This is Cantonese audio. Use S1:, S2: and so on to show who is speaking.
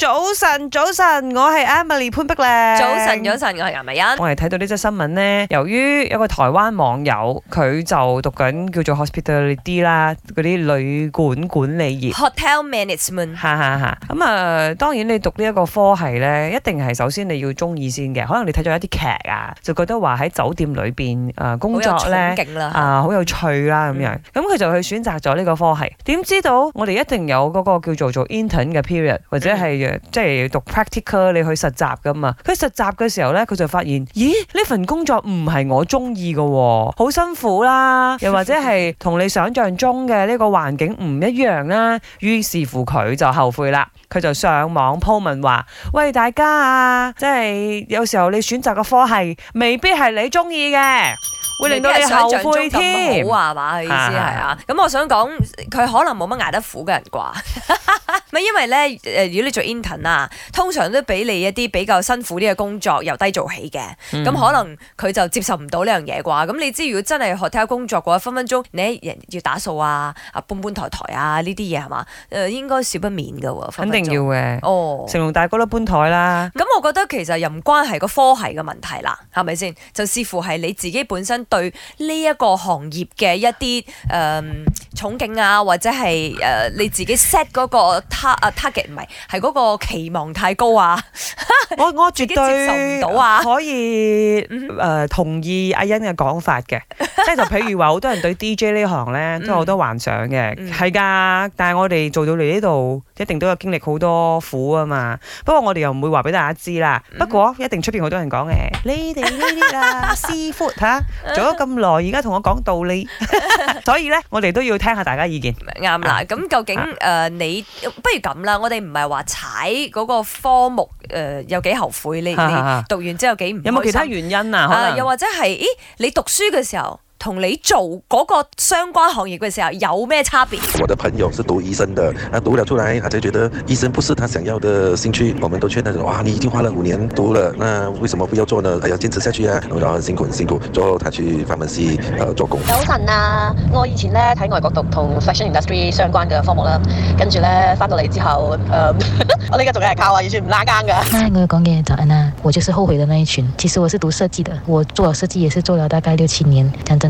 S1: 早晨，早晨，我係 Emily 潘碧麗。早晨，早晨，我係楊
S2: 美欣。我係睇到呢則新聞呢，由於有一個台灣網友，佢就讀緊叫做 hospitality 啦，嗰啲旅館管理業。
S1: Hotel management。哈哈哈。
S2: 咁啊、嗯呃，當然你讀呢一個科系呢，一定係首先你要中意先嘅。可能你睇咗一啲劇啊，就覺得話喺酒店裏邊啊、呃、工作咧啊好有趣啦咁樣。咁、嗯、佢就去選擇咗呢個科系。點知道我哋一定有嗰個叫做做 intern 嘅 period，或者係、嗯。即係讀 practical，你去實習噶嘛？佢實習嘅時候呢，佢就發現，咦？呢份工作唔係我中意嘅，好辛苦啦，又或者係同你想象中嘅呢個環境唔一樣啦。 於是乎，佢就後悔啦，佢就上網 po 文話：喂大家啊，即係有時候你選擇嘅科係未必係你中意嘅，會令到你後悔添。好話嘛，意思係啊。咁、啊
S1: 啊、我想講，佢可能冇乜捱得苦嘅人啩。 因為咧，誒、呃，如果你做 intern 啊，通常都俾你一啲比較辛苦啲嘅工作，由低做起嘅。咁、嗯、可能佢就接受唔到呢樣嘢啩？咁你知如果真係學睇下工作嘅話，分分鐘你一日要打掃啊，啊搬搬台台啊呢啲嘢係嘛？誒、呃，應該少不免噶。肯定要嘅。哦，成
S2: 龍大哥都搬台啦。
S1: 咁、嗯、我覺得其實又唔關係個科系嘅問題啦，係咪先？就視乎係你自己本身對呢一個行業嘅一啲誒。呃憧憬啊，或者係誒、呃、你自己 set 嗰個 tar、uh, target 唔係係嗰個期望太高啊！我我到啊，絕對可
S2: 以誒、嗯呃、同意阿欣嘅講法嘅，即係就譬如話好多人對 DJ 這行呢行咧都有好多幻想嘅，係、嗯、噶、嗯，但係我哋做到嚟呢度，一定都有經歷好多苦啊嘛。不過我哋又唔會話俾大家知啦。不過一定出邊好多人講嘅、嗯，你哋呢啲啊師傅嚇做咗咁耐，而家同我講道理， 所以咧我哋都要聽。聽下大家意見啱
S1: 啦，咁究竟誒、啊呃、你不如咁啦，我哋唔係話踩嗰個科目誒、呃、有幾後悔你是是是你讀完之後幾唔？有冇其他
S2: 原因啊？啊又或
S1: 者係咦？你讀書嘅時候。同你做嗰個相關行業嘅時候有咩差別？我的朋友是讀醫生的，啊讀了出來，佢就覺得醫生不是他想要的興趣。我們都勸他講：哇，你已經花了五年讀了，那為什麼不要做呢？哎呀，堅持下去啊！然後很辛苦很辛苦，最後他去法門西 pharmacy 啊做工。有難啊！我以前咧喺外國讀同 fashion industry 相關嘅科目啦，跟住咧翻到嚟之後，誒、嗯、 我呢家仲係靠啊，完全唔拉更㗎。講嘅就係啦，我就是後悔的那一群。其實我是讀設計的，我做設計也是做了大概六七年。講真。